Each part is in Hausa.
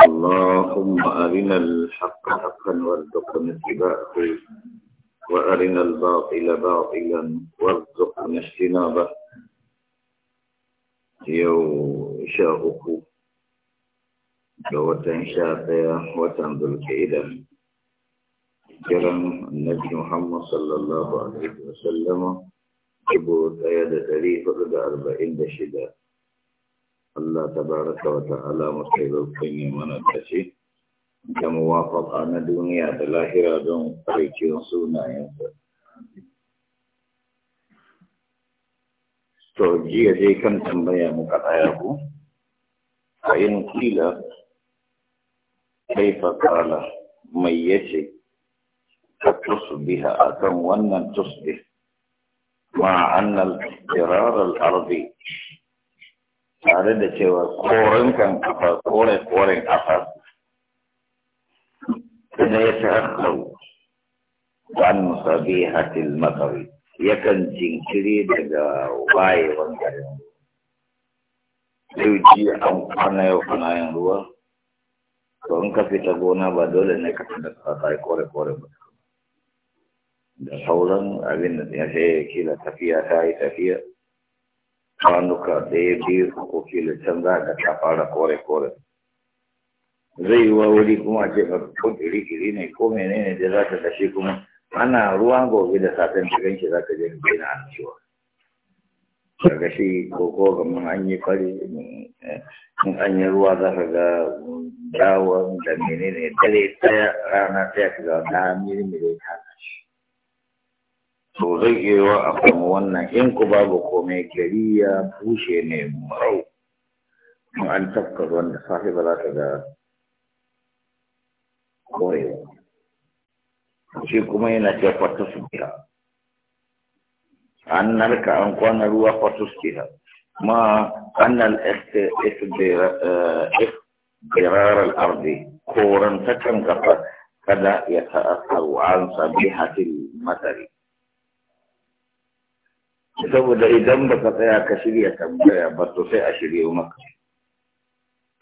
اللهم أرنا الحق حقا وارزقنا اتباعه وأرنا الباطل باطلا وارزقنا اجتنابه يو شاغوكو لوطن شاطئ وطن ذو الكيدة كرم النبي محمد صلى الله عليه وسلم جبوت أيد تاريخ أربعين بشدات الله تبارك وتعالى مستغفرين من التشي كم وافق أنا دنيا بالآخرة دون طريق سنة توجي أجيكم تنبيا مكتاياه فإن قيل كيف قال من يشي بها أكم وأن تصبح مع أن الاضطرار الأرضي tare da cewa koren kan kafa kore koren kafa kuma ya tahakkau an musabi hatil makari yakan jinkiri daga wayewan garin yau ji an kwana yau kana yin ruwa to in ka fita gona ba dole ne ka fita ka kai kore kore ba da sauran abin da ya sai kila tafiya ta yi tafiya kwanuka ɗaya biyu ko kilo can za ka ta fara kore-kore zai yi wa wuri kuma ce ba ko iri-iri ne ko menene da za ta gashe kuma ana ruwa gobe da safen da ganshi za ka je ni bai na annashuwa daga shi ko ko kamar an yi fari in an yi ruwa za ka ga dawon da menene dare ɗaya rana ɗaya ka ga ta miri miri ta to zai iya wa a kuma wannan in ku babu komai gari ya bushe ne marau in an tafka ruwan da safe ba za ta ga korewa shi kuma yana ce kwata su biya an narka an kwana ruwa kwata su biya ma annal ikhtirar eh, al'ardi korantakan kafa kada ya ta'asar wa an sabi hatil matari saboda idan ba ka tsaya ka shirya tambaya ba to sai a shirya maka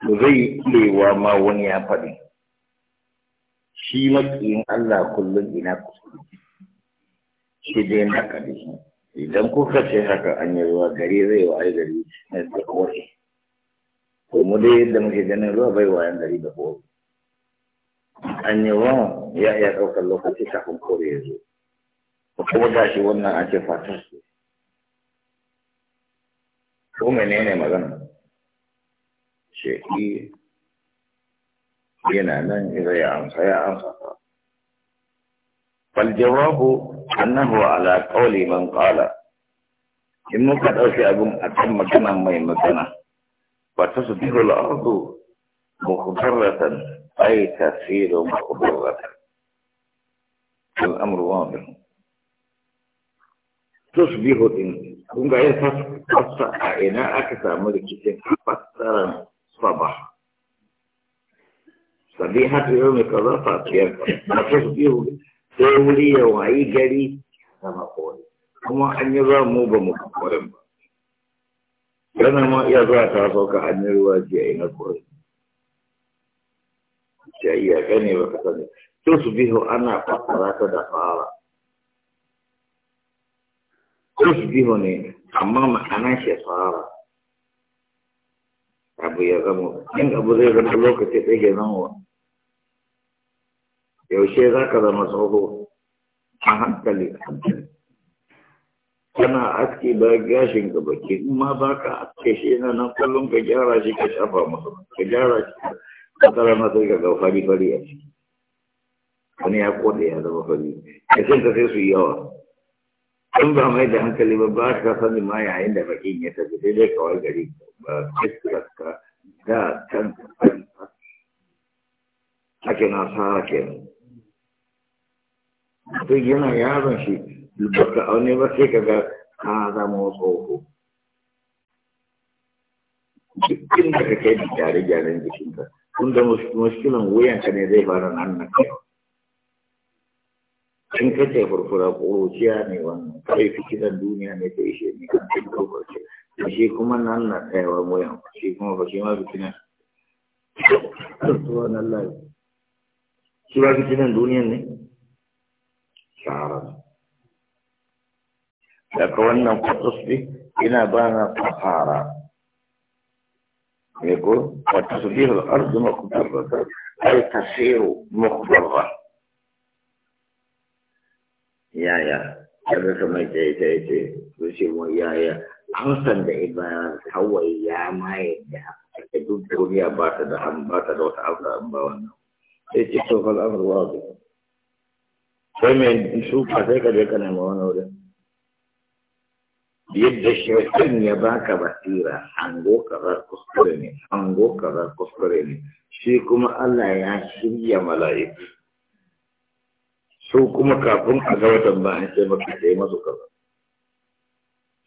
to zai iya ma wani ya faɗi shi makiyin Allah kullum ina ku. shi dai na ƙarshe idan kuka ce haka an yi ruwa gari zai wa ai gari na da kore to mu dai yadda muke ganin ruwa bai wayan gari da kore an yi ruwa ya iya ɗaukar lokaci kafin kore ya zo kuma gashi wannan a ce fatar su فالجواب أنه على قول من قال إن قد أوشي أبو أكم مكانا ما يمكنا وتصدر الأرض مخضرة أي تسير مخضرة الأمر واضح تصبح kun ga yin fassa a ina aka samu rikicin a fassaran saba sabi hatu yau mai kaza fasiyar na fasbihu sai wuri ya wayi gari sama kore kuma an yi za mu ba mu kwarin ba yana ma iya zuwa ta sauka an yi ruwa ji a ina kore shi a gane ba ka sani to su bihu ana fassara ta da fara tusbihu ne amma ma'anan shi fara abu ya zama in abu zai zama lokaci sai ke zama yaushe za ka zama tsoho a hankali kana aski ba gashin ka baki in ma ba ka aske shi na nan kullum ka gyara shi ka shafa masa ka gyara shi ka tsara masa ka ga fari a ciki wani ya kode ya zama fari ka sai su yi yawa in ba mai da hankali ba ba ka sani ma yayin da bakin ya tafi sai dai kawai gari ba kiskarka da kan kan ake na sara ke to yana yaron shi baka aune ba sai kaga ka zama tsoho duk inda ka kai da gyare-gyaren jikinka tunda muskilan wuyanka ne zai fara nan na kai in kace furfura ƙuruciya ne wannan kai fikiran duniya ne ta ishe ne kan cin ƙuruciya shi kuma nan na tsayawa moyan shi kuma ba shi ma fikiran suwa nan lai shi ba fikiran duniya ne shahara daga wannan kwatus ne ina ba na fahara ne ko wata su bihar arzu makubarrata ai tasiru makubarrata yaya kaga kamar ta yi ta yi ta yi ce mu yaya hausan da iba kawai ya maye da ta duk duniya ba ta da an ba ta da wata hausa an ba wannan sai ce to fal amru wa bi sai mai shuka sai ka je ka nema wani wurin yadda shaitan ya baka basira an hango karar kuskure ne an hango karar kuskure ne shi kuma Allah ya shirya mala'iku su kuma kafin a ga watan ba an ce maka sai masu kaza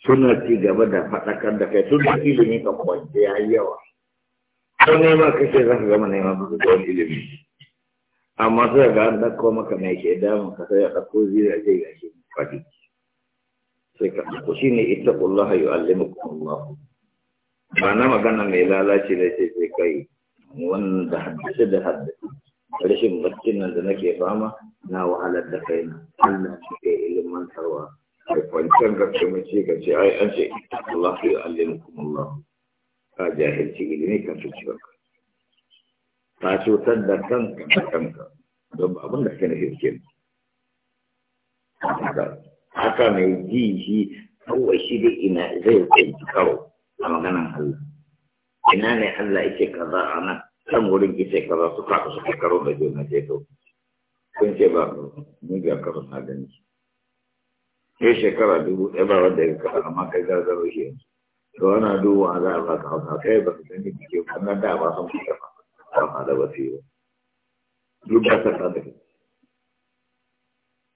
suna ci gaba da faɗakar da kai tun da ilimin ka kwance ya yi yawa don nema kake za ka gama nema ba ka ilimi amma sai ga an ɗauko maka mai ke damu ka sai ya ɗauko zira zai ga shi faɗi sai ka ɗauko shi ne ita "Allah yi allimu kuma ba na magana mai lalace ne ce sai kai wanda haddace da haddace rashin baccin nan da nake fama na wahalar da kaina Allah shi ke ilmantarwa ai kwanciyar gaske mace ka ce ai an ce Allah ya kuma Allah ka jahilci ilimi ka cuci kanka ka cutar da kanka da kanka don ba abin da kake nufi ke haka mai ji shi kawai shi dai ina zai kai karo a maganan Allah ina ne Allah yake kaza a nan can wurin ki shekara su kafa su shekaru da juna ce to sun ce ba mun ga kafa na gani ke shekara dubu ɗaya ba wanda ya kafa amma kai gargaro shi yanzu to ana duba za a ba ka hausa kai ba su sani jike ba nan da ba sun fita ba ba ma da basira duk ba ta tsada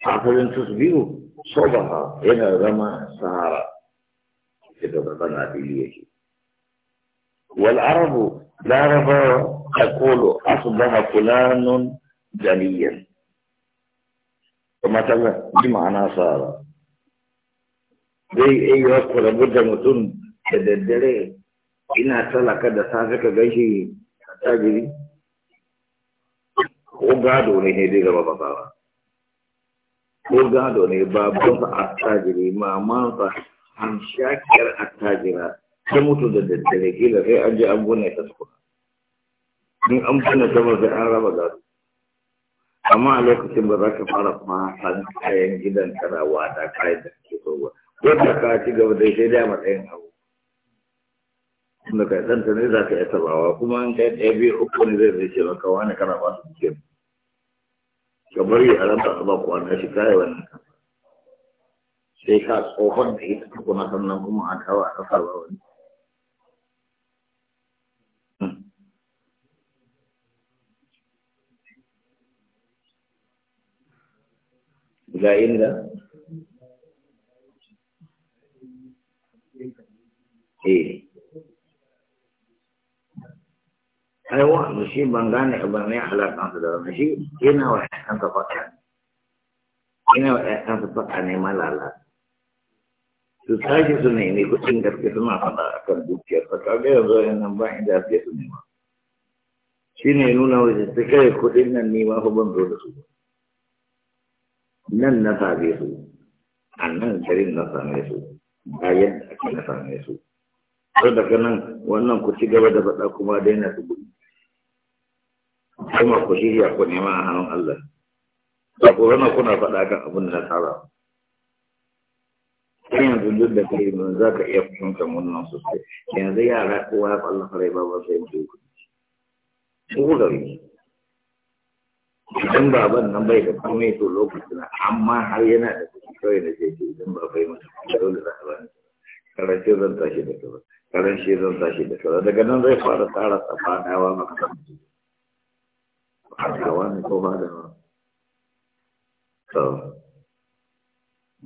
a farin biyu ba sobaha yana zama sahara ita da zama na fili yake wal arabu larabawa تقول أصبح فلان جليا ومثلا ma'ana صار zai iya ku rabu da mutum da daddare ina talaka da safe ka gaishe tajiri ko gado ne ne dai gaba babawa ko gado ne babansa attajiri mamansa an shakiyar attajira ta mutu da daddare kila sai an je an gona ta tukuna in an gona ta ba sai an raba da su amma a lokacin ba za ka fara kuma san kayan gidan karawa da kayan da ke so ba da ka ci gaba da sai da matsayin abu tunda kai ɗanta ne za ka yi bawa kuma an kai ɗaya biyu uku ne zai zai ce maka wani kana ba su cikin ka bari a ranta ba kwana shi kayi wannan sai ka tsohon da ita tukuna sannan kuma a kawo a kasar ba wani ila inda eh aiwa da shi ban gane ban da wani shi yana wa ƴaƴansa faɗa yana wa ƴaƴansa faɗa ne malala su tashi su nemi kuɗin gaske suna faɗa a kan dukiyar ta kaga yanzu yannan ba inda ya su nema nuna wajen su kai kuɗin nan ni ma fa da su nan na same su a nan garin na same su bayan da ake na same su har daga nan wannan ku ci gaba da faɗa kuma daina su gudu kuma ku shirya ku nema a hannun Allah ba ku rana kuna faɗa kan abin da na tara kan yanzu duk da kai mun za ka iya fahimtar wannan sosai yanzu yara kowa ya fallafa rai ba ba sai mutu kuɗi. Ku gari. idan baban nan bai da komai to lokacin amma har yana da kuɗi kawai da zai ce idan ba bai masa kuɗi dole za a bani karance zan tashi da kaza karance zan tashi da kaza daga nan zai fara tsara tsafanawa maka kan ji fadawa ne ko fadawa to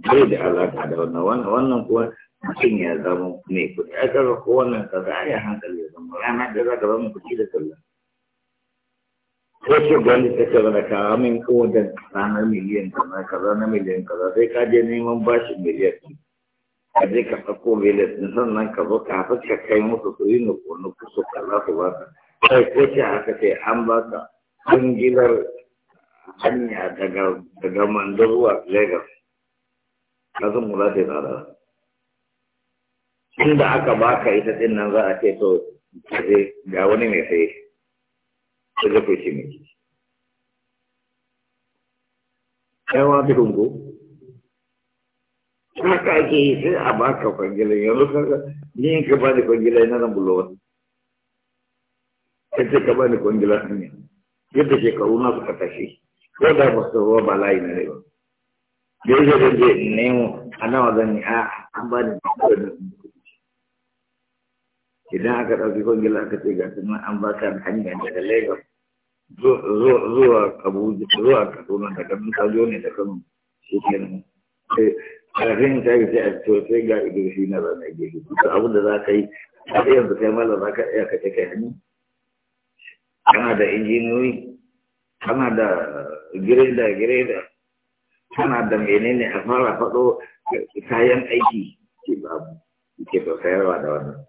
bai da alaƙa da wannan wannan kuwa mutum ya zama mai kuɗi a kaga ko wannan kaza ya hankali ya zama rana da za ka zama kuɗi da sallah wasu gani ta ce na kawo min kowadan kaza miliyan kaza kaza na miliyan kaza sai ka je neman bashin miliyan ka je ka sako miliyan din sannan ka zo ka ka kai musu su yi nuku nuku su kaza su ba ka kai ko ce haka sai an ba ka kungilar hanya daga daga mando zuwa lagos ka zan mula ta tsada inda aka ba ka ita din nan za a ce to ga wani mai sai sai da ku ce miki yawa bi rungo haka ake yi sai a baka kwangilan yanzu kaga ni ka ba ni kwangilan na nan bulo ka ba ni kwangilan hanya yadda shekaru na suka tashi ko da ba su ruwa ba layi na rai ba a a idan aka ɗauki kogila aka ce ga kuma an ba ka hanya daga lagos zuwa abuja zuwa kaduna daga kajo ne da kano shi kenan sai ƙarfin ta yi sai a ce sai ga shi na zana gefe duka abinda da za ka yi a yanzu kai mala za ka iya kace kai hannu kana da injiniyoyi kana da gireda gireda kana da menene a fara faɗo kayan aiki ke babu ke da sayarwa da wannan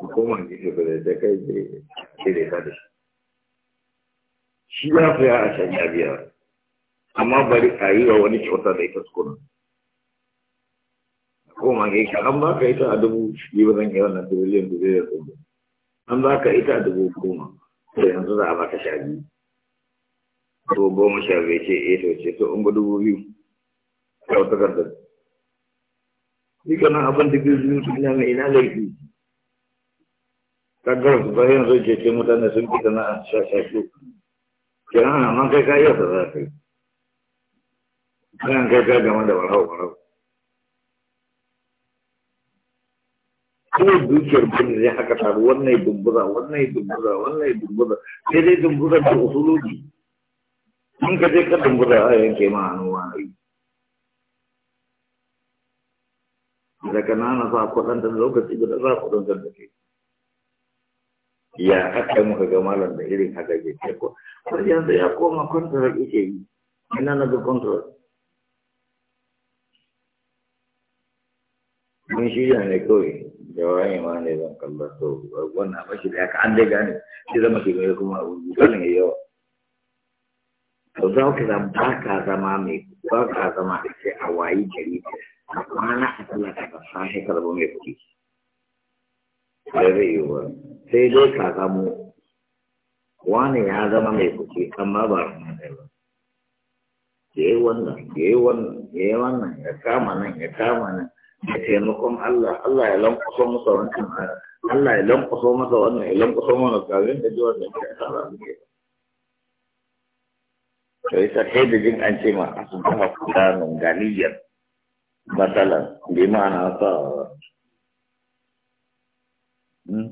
hukumar jiki ba da ta kai da cire ta da shi shi ya fi ya a can ya biya amma bari a yi wa wani kyauta da ita sukuna koma ga ka an baka ita a dubu shi ba zan yi wannan da dubiliyan dubu an baka ita a dubu goma to yanzu za a baka sha biyu to goma sha biyu ce eh to ce to in ba dubu biyu kyautakar da Ni kana abin da biyu biyu sun yana ina laifi kaggar su ba yanzu ke mutane sun fi da a shashashu kenan nan man kai ka iya sa za ka yi bayan kai ka game da warhau warhau kuma dukiyar bane zai haka taru wannan dumbuza wannan dumbuza wannan dumbuza sai dai dumbuza da usuloji in ka je ka dumbuza a yanke ma hannu wani daga nana sa kwatantar lokaci guda za kwatantar da ke ya aka muka ga malam da irin haka ke ce ko har yanzu ya koma control yake yi ina na ga control mun shirya ne kawai jawani ma ne zan kalla to wannan ba shi da aka an dai gane shi zama shi mai kuma abu yawa to za ku zama ba ka zama mai ba ka zama da ke a wayi gari a kwana a talata ka sashe karbo mai kuɗi ba sai dai ka samu wani ya zama mai kuke amma ba a ɗaya ba ya yi wannan ya yi wannan ya yi wannan ya kama nan ya kama nan ya taimakon Allah Allah ya lankwaso masa wancan Allah ya lankwaso masa wannan ya lankwaso mana kafin da ji wannan ya ke muke to isa kai da jin an ce ma sun kama kudanin ganiyar matsalar bi ma'ana sa Hmm?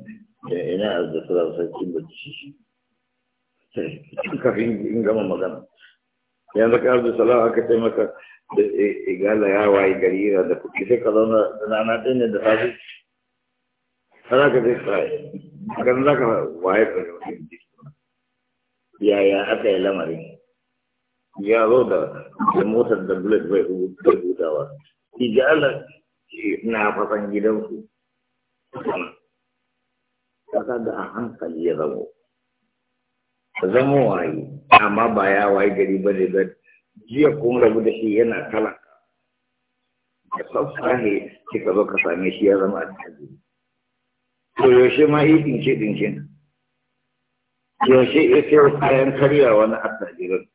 Eh, ina a da tura sarkin bacci kafin in gama magana yanzu ka arzu salawa aka ce maka da eh, igala ya waye gari yana da kuɗi sai ka zauna da nana ɗin ne da safi har ka zai tsaye kan za ka waye tsare wani yaya aka yi lamarin ya zo da motar da bullet bai hutawa ijala eh, na fasan gidansu kaga da a hankali ya zamo zamo waye amma ba ya waye gari ba ne ba jiya kun rabu da shi yana talaka da ne kika zo ka same shi ya zama alhaji to yaushe ma yi dinke dinke yaushe ya ce kayan karya wani attajirin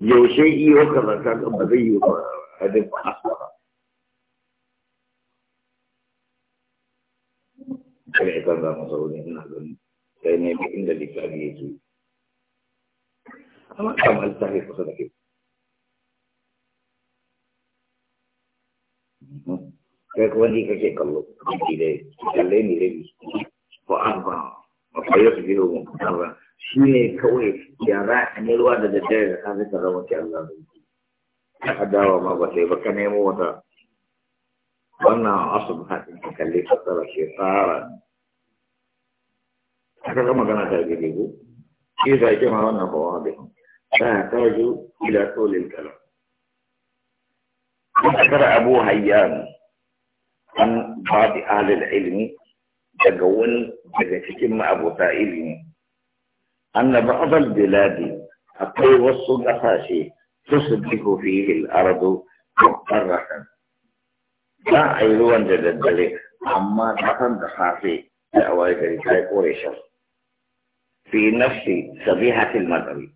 yaushe iyo kaza kaga ba zai yi ba a duk ba kada ya canza masa ina sai ne bi inda littafi yake amma kama littafi kusa da kai kai kuma ni kake kallo kake dai kalle ni rabi ko an ba akwai yau biyu mun karra shi ne kawai yara a ne ruwa da daddare da kafin ka zama ke Allah da yake ma ba sai ba ka nemo wata wannan asubha din ka kalle ka shekara aka ما كان ta gare ku shi sai ke ma wannan ba wani ta ذكر أبو هيان عن بعض أهل العلم تقول تكتم أبو تائل أن بعض البلاد أقوى والصدقاشي تصدق فيه الأرض مقرحا لا أيضا جدد ذلك أما تقن تخافي sai a waye gari ta yi kore shan fi nafsi sabihatil matsari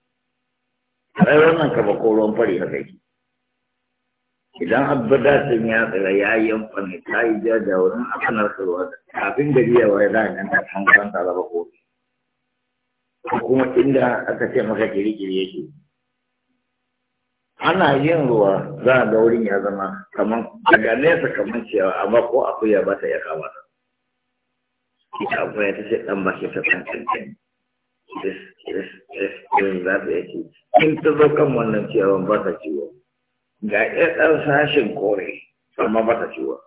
ai wannan ka ba koron fari haka yake idan abdadatin ya tsira ya yi amfani ta yi ja da wurin afanar karuwa kafin gari ya waye za a nan ta kan kwanta da ba kore kuma inda aka ce maka kirikiri yake ana yin ruwa za a ga wurin ya zama kamar daga nesa kamar cewa amma ko akuya ba ta ya kamata abu abuwa ta ce ɗan ba shi ta san kankan irin za ta yake in ta zo kan wannan ciyawan ba ta ciwo ga iya ɗan sashen kore amma ba ta ciwo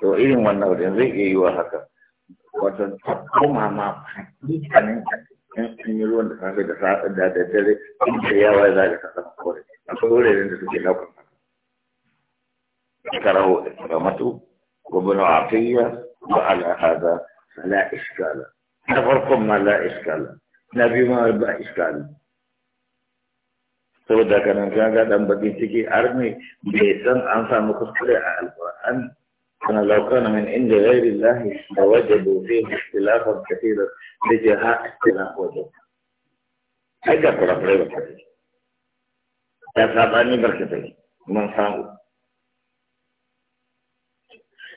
to irin wannan wajen zai iya yi wa haka Wata koma ma hakikanin in an yi ruwan da safe da sa'a da dare in da yawa za ka kasa kore akwai wuraren da suke ɗaukar karaho da karamatu gwamnati a وعلى هذا فلا إشكال نفرق ما لا إشكال نبي ما لا إشكال saboda kanan kan ga dan bakin ciki har ne bai san an samu kuskure a alquran kana law kana min inda ghairi allah la wajadu fi ikhtilafan kathira bi jaha ikhtilaf wajad ai da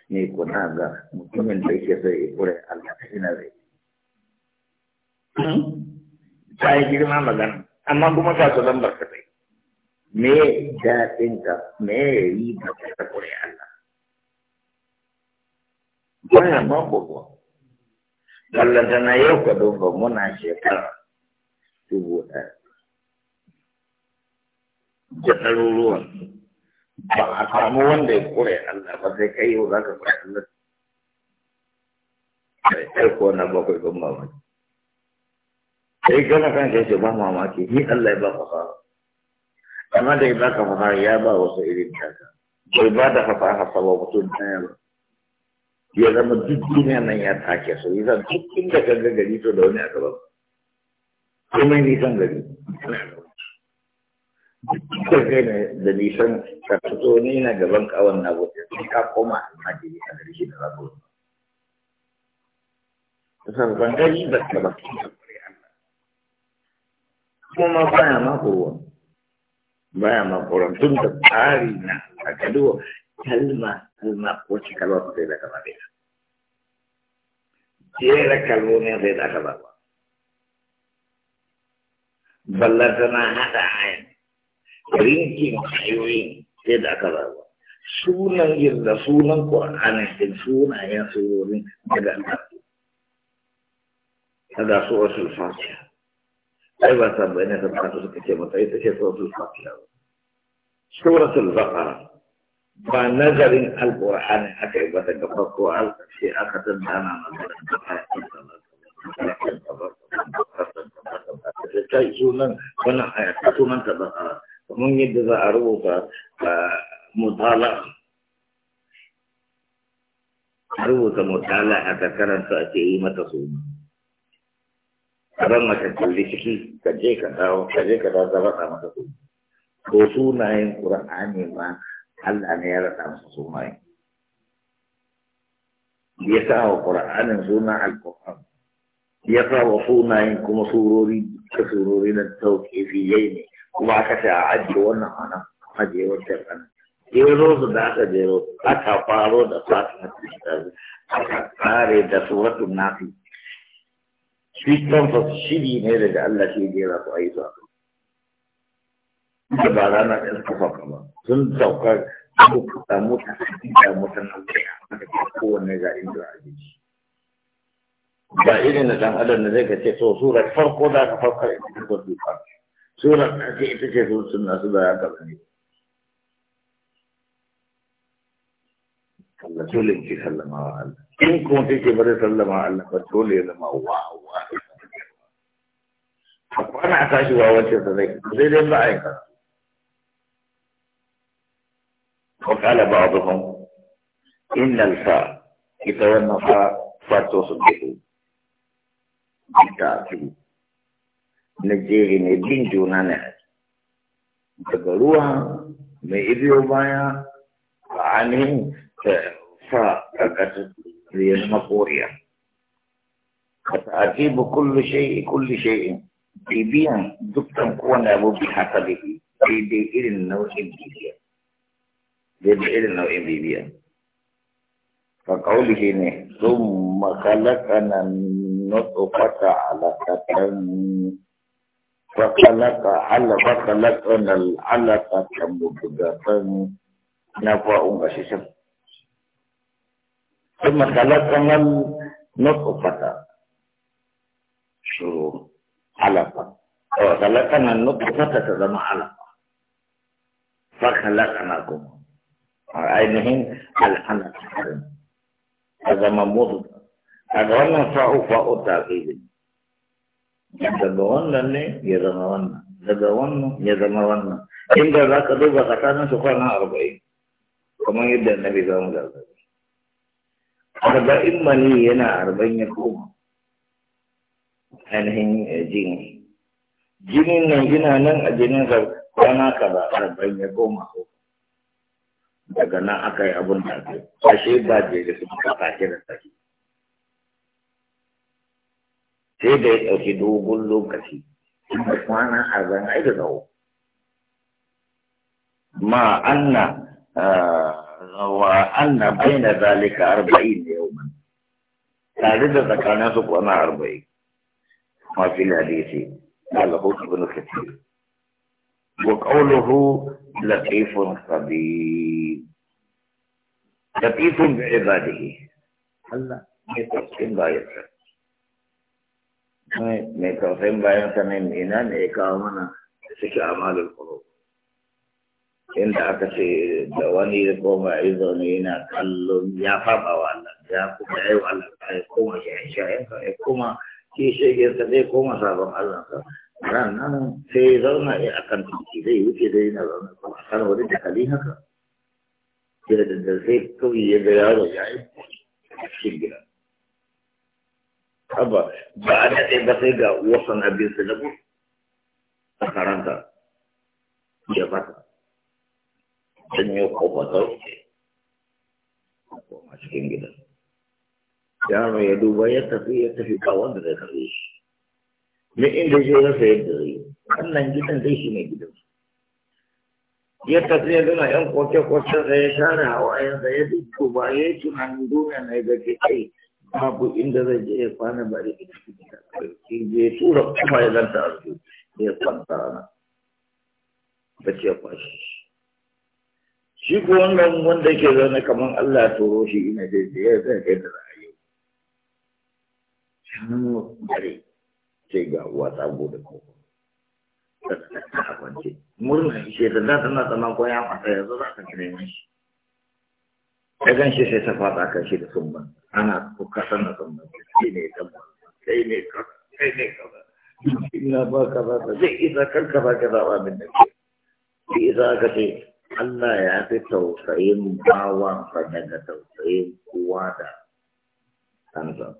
ne kuna ga mutumin da yake zai kure Allah ina zai hmm? ta yi girma magana amma kuma ta su lambar ka sai me daɗin ka me yi ba ka kure Allah baya ma gogo ballanta na yau ka dogo muna shekara dubu ɗaya da ɗaruruwan ba a samu wanda ya kure Allah ba sai kai yau zaka kure Allah sai kai ko na bakwai ban mamaki sai gana kan kai ce ba mamaki ni Allah ya ba fasaha amma da ba ka fasaha ya ba wasu irin taka bai ba da fasaha sabo mutum ɗaya ba ya zama duk duniya nan ya take su yi zan duk inda ka ga gari to da wani aka ba kuma ni san gari ana kai ne da nisan ka fito ni na gaban kawan na gobe sai ka koma a jini a gari shi da za ku san ban ta ba ka ba kuma baya ma kowa baya ma koran tun da tsari na a kaduwa kalma kalma ko ci kalma ko sai da kama bai jera kalmomin sai da kama ba ballantana hada ayan rinkin hanyoyin sai da aka zaba sunan da sunan ƙwa'anin da sunayen surorin daga alƙarfi daga wasu fatiha ai ba sa bayan da ba su suka ce mata ita ce suwasul fatiha ba suratul baqara ba nazarin alƙur'ani aka yi ba gaba ko alƙarfi aka tattana na nazarin da ta yi sunan wannan ayata sunan ta baqara kamar yadda za a rubuta ah, mutala a rubuta mutala a takaranta a ke yi mata suna ran mata kalli ciki ka je ka dawo ka je ka dawo ka mata suna ko sunayen ƙura'ani ma Allah ne ya rasa masa sunayen ya sa wa ƙura'anin suna alƙur'an ya sa wa sunayen kuma surori ta surori na tauƙifiyai ne kuma aka ce a ajiye wannan ana ajiye wancan jero su da aka jero aka faro da fatima tsari aka tsare da suratu nafi shi kanfa shiri ne daga Allah shi jera su a yi su ba rana ɗin kafa ba sun saukar abubuwa mutane da mutane da kowane ga inda a jiki بعيدنا عن هذا النزاك تيتو صوره فرق ولا فرق يقدر في فرق سورة تيتو تيتو سنة سبعة قبلني الله تولي كي خلا ما على إن كنت كي بري خلا ما على فتولي إذا ما هو هو فأنا أتاش هو وجه ذلك زيد بعيد وقال بعضهم إن الفا إذا النصا فتوصل بهم guda biyu na jeri mai bin juna ne daga ruwa mai ibiyo baya a ainihin sa ƙarƙashin riyar makoriya فتأتيب كل شيء كل شيء بيبيان دكتن كوانا أبو بحسبه بيبي إلن نوع بيبيان بيبي إلن نوع بيبيان فقوله ثم خلقنا على علقة فخلق على خلق أن العلقة مضغة نفع أساسا ثم خلقنا النطفة شروع علقة خلقنا النطفة تزم علقة فخلقناكم ainihin al'ana tsarin a zama mudu kaga wannan fa'u fa'u ta'qib daga wannan ne ya zama wannan daga wannan ya zama wannan inda za ka duba tsakanin su kwana arba'in kamar yadda annabi zama da arba'in arba'in yana ya koma ainihin eh, jinin nan yana nan a jinin sa ya koma daga nan aka yi abun da ashe ba jere su ka take da take sai da ya ɗauki dogon lokaci inda kwana arba'in ai da tsawo ma anna wa anna baina zalika arba'in da yawman tare da tsakanin su kwana arba'in ma fil hadisi قال هو ابن كثير وقوله لطيف خبير لطيف بعباده هلا يتركين لا يترك mai tausayin bayan sanin ne ina ne ya kawo mana da suke amalin kuro inda aka ce da wani ya koma ya zaune yana kallon ya faɓa wa Allah ya kuma ya yi wa Allah ya koma shayen shayen sa ya kuma shi shegen zai koma sabon Allah sa ran nan sai ya zauna ya akan titi zai wuce da yana zaune kuma a kan wani dakali haka. Jira da sai kawai ya ga yaro ya yi cikin haba ba a daɗe ba sai ga wasan abin su dabu a karanta ya fata don yau kofatar a cikin gidan yaro ya duba ya tafi ya tafi ba wanda zai karbe shi ne inda shi rasa yadda zai wannan gidan zai shi ne gidan ya tafi ya gana yan koke kwace da ya share hawa yanzu ya duba ya yi tunanin duniya na ya gaji kai babu inda zai je ya kwana ba da ciki da karfi je tura kuma ya zanta a su ya kwanta rana ba ce kwashi shi ko wannan wanda ke zaune kamar Allah turo shi ina da ya zai kai da ra'ayi shan dare ce ga uwa ta gode ko ta ta ta kwance murna shi ta da tana tana ko ya fata yanzu za ta kire shi ya gan shi sai ta faɗa kan shi da sunban ana kuka na sunban sai ne kaza sai ne kaza sai ne kaza ina ba ka ba zai isa kan kaza kaza ba abin da ke zai isa ka ce Allah ya fi tausayin ba daga tausayin kowa da kansa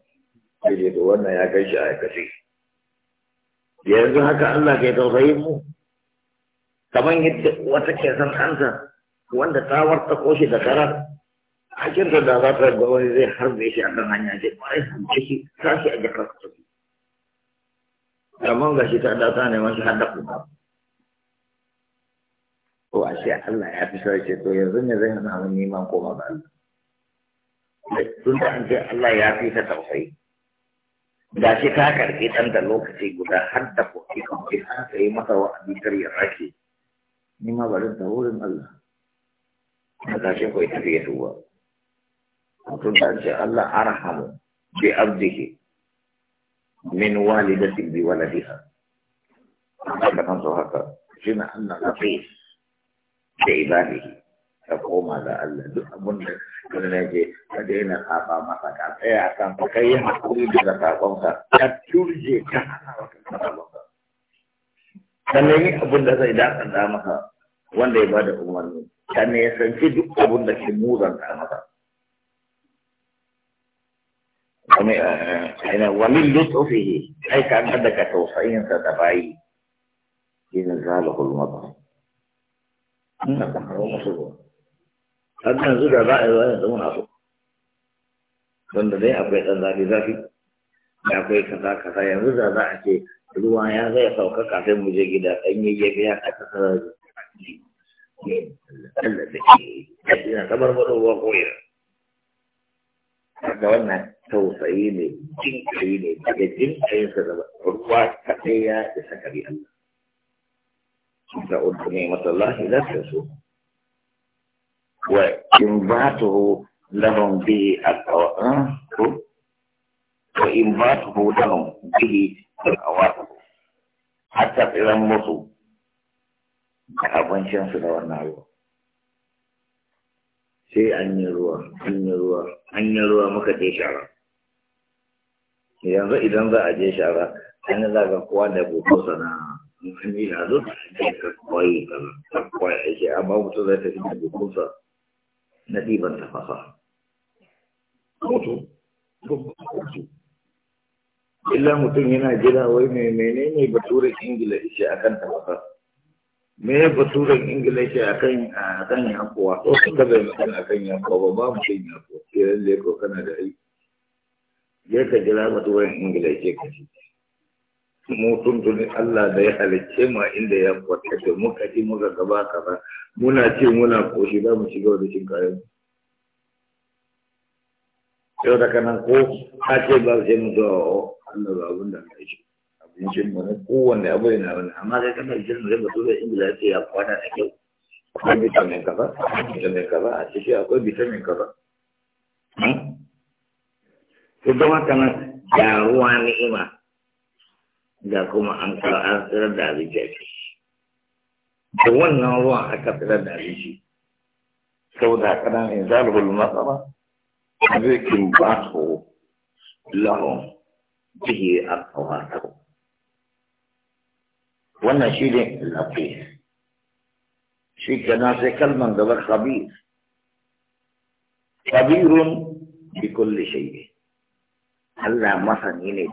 sai da wannan ya gan shi a aikace yanzu haka Allah ke tausayin mu kamar yadda wata ke san kansa wanda ta warta koshi da karar hakin sa da za ta ga wani zai harbe shi a kan hanya ce ai harbe shi tashi a jakar ka tafi amma ga shi ta data ne mashi hada kuma ko a shi Allah ya fi ce to yanzu ne zai hana mun neman koma ga Allah tun an ce Allah ya fi ta tausayi da shi ta karɓi dan da lokaci guda har da kuɗi kan ce an sayi masa wa'adi kar ya rake ni ma bari da wurin Allah shi ƙarshen kawai tafiya tuwa mutum da ce Allah arhamu bi abdihi min walidatin bi waladiha haka kan so haka shi na Allah latif da ibadihi ka koma ga Allah duk abin da kan na ce ka daina saba masa ka tsaya kan ka kai hakuri da sakonka ka turje ka hana wa ka sakonka ka nemi abin da zai dakanta maka wanda ya bada umarni ka ne ya sanci duk abin da ke muzanta maka يعني ومن لطفه أي كان عندك توصيين تتبعي ينزاله المطر هو مصيبه da نزول عبائل وين دون أصول wanda dai akwai ɗan zafi-zafi da akwai kaza-kaza yanzu da za a ce ruwa ya zai sauka kafin mu je gida ɗan yi ya biya a ƙasar da ruwa kaga wannan tausayi ne jin kai ne daga jin kai sa da ruwa kaɗai ya isa kari Allah da uku ne masallahi da ta so wa in ba ta hu lahun bi a kawan ko wa in ba ta hu lahun bi a kawan hatta tsiran musu da abincinsu da wannan ruwa sai an ruwa an ruwa an ruwa muka je shara yanzu idan za a je shara an za zaga kowa da boko sana an yi na ta da ka kwayi ka kwayi ake amma mutum zai tafi da sa na ɗiban tafasa illa mutum yana jira wai mai menene bature ingila ishe akan tafasa me baturan ingilishi a kan a kan yankuwa ko sun ka bai magana a kan yankuwa ba ba mu kan yankuwa ke da leko kana da aiki ya ka jira baturen ingilishi ka ci mu tuntuni Allah da ya halicce ma inda ya kwata da muka ji muka gaba kaza muna ce muna koshi za mu shiga da cin kayan yau da kanan ko ka ce ba sai mu zuwa Allah ba abin da ka shi jin wani kowanne abu yana wani amma kai kana jin wani mutum da ingila ce ya kwana da kyau akwai vitamin kaza bitamin kaza a ciki akwai bitamin kaza hmm? to zama kana da ruwa ni'ima da kuma an an tsirar da abinci a ciki da wannan ruwan aka tsirar da abinci saboda kadan in zalibul matsala zai kin ba su lahun bihi a kawata وانا شيلي الأبيه شي جنازة كلمن دبر خبير خبير بكل شيء هلا مثلا يني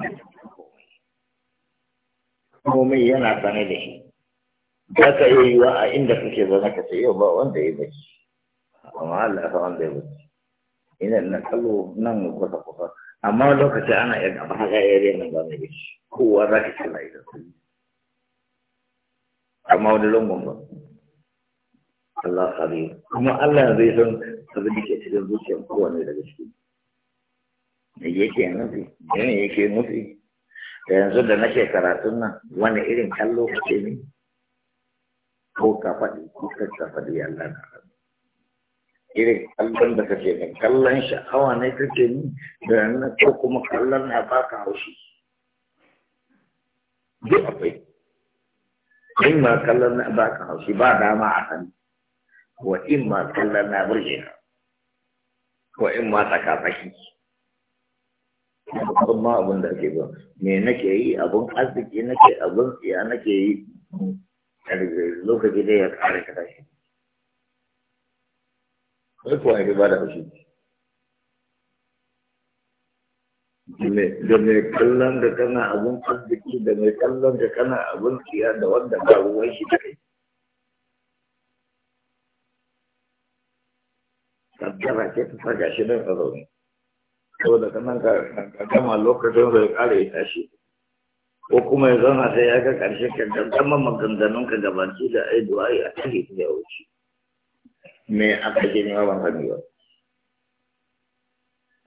مومي ينا تنيني جاتا يوا عندك كيف ذاك سيو با وانت يبش ما لا فان دي بس ان نقلو نن قطا قطا اما لو كتي انا ابغى غيري من بانيش هو راكي سلايدو amma wani lungun ba Allah kare kuma Allah zai san abin da ke cikin zuciyar kowane daga ciki me yake nufi me yake nufi da yanzu da nake karatun nan wani irin kallo kake ne ko ka faɗi ko ka faɗi Allah na irin kallon da kake ne kallon sha'awa ne kake ne da nan ko kuma kallon na baka haushi duk akwai in ma kallon na ba ka haushi ba dama a kan wa in ma kallon na burge ka wa in ma tsaka-tsaki babban ma abin da ake ba me nake yi abin arziki nake abin na nake yi lokaci da ya kare ka tashi. Wai kuwa ya ba da haushi da mai kallon da kana abin arziki da mai kallon da kana abin tsiya da wanda ba ruwan shi da kai Tattara ke ta saka shi don a ne saboda kana ka gama lokacin zai kare ya tashi ko kuma ya zauna sai ya ga ƙarshe ka gama maganganun ka gabanci da ai duwaye a cikin ya wuce me aka ji ne wa ban sani ba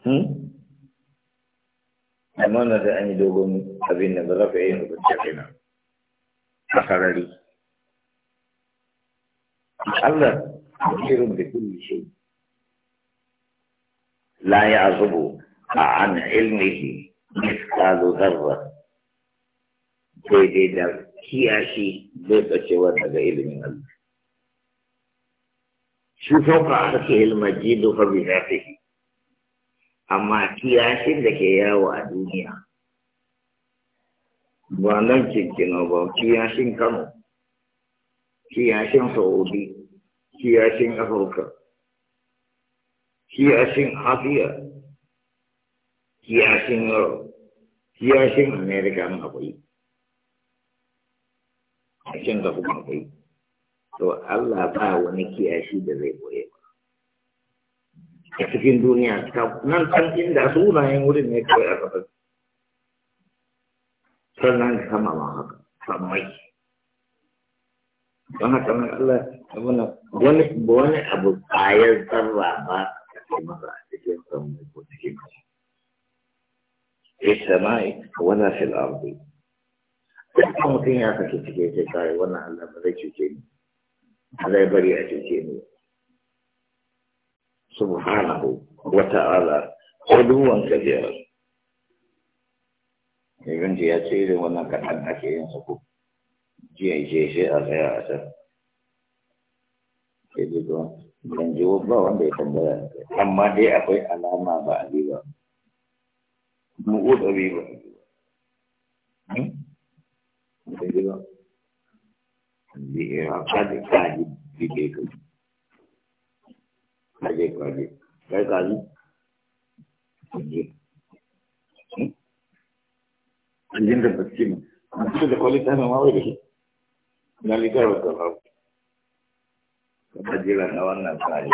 hmm? أمانة أن يدوغم أبين نظرف عينه بالتحينا أخر لي الله مكير بكل شيء لا يعظب عن علمه مثقال ذرة جيدي در كياشي بيت أشوار نغا علم الله شو فوق أخي المجيد فبذاته amma kiyashin da ke yawo a duniya ba nan kinkino ba kiyashin kano kiyashin saudi kiyashin afirka kiyashin asiya kiyashin yau kiyashin amerika na akwai a can da kuma akwai to allah ba wani kiyashi da zai koya. ba a cikin duniya nan can inda sunayen wurin ne kawai a kasar sannan sama ma haka sammai don haka mai Allah abuna wani wani abu ƙayar zarra ba a cikin masa a cikin sammai ko cikin kasa fi sama'i wala fil ardi kuma mutum ya sake cike ce kai wannan Allah ba zai cuce ni Allah ya bari a cuce ni subhanahu wa ta'ala aduwan kabirar ibn ya ce irin wannan kaɗan ake yin sako jiya je shi a tsaya a can sai dai kuma ban ji ba wanda ya tambaya amma dai akwai alama ba a ba mu ƙoƙari ba ba. Kaji kaji bi kai kaje kaje kai kaje jin da bacci ne amma da kwalita mai mawai da shi na litar da kafa kuma jira na wannan tsari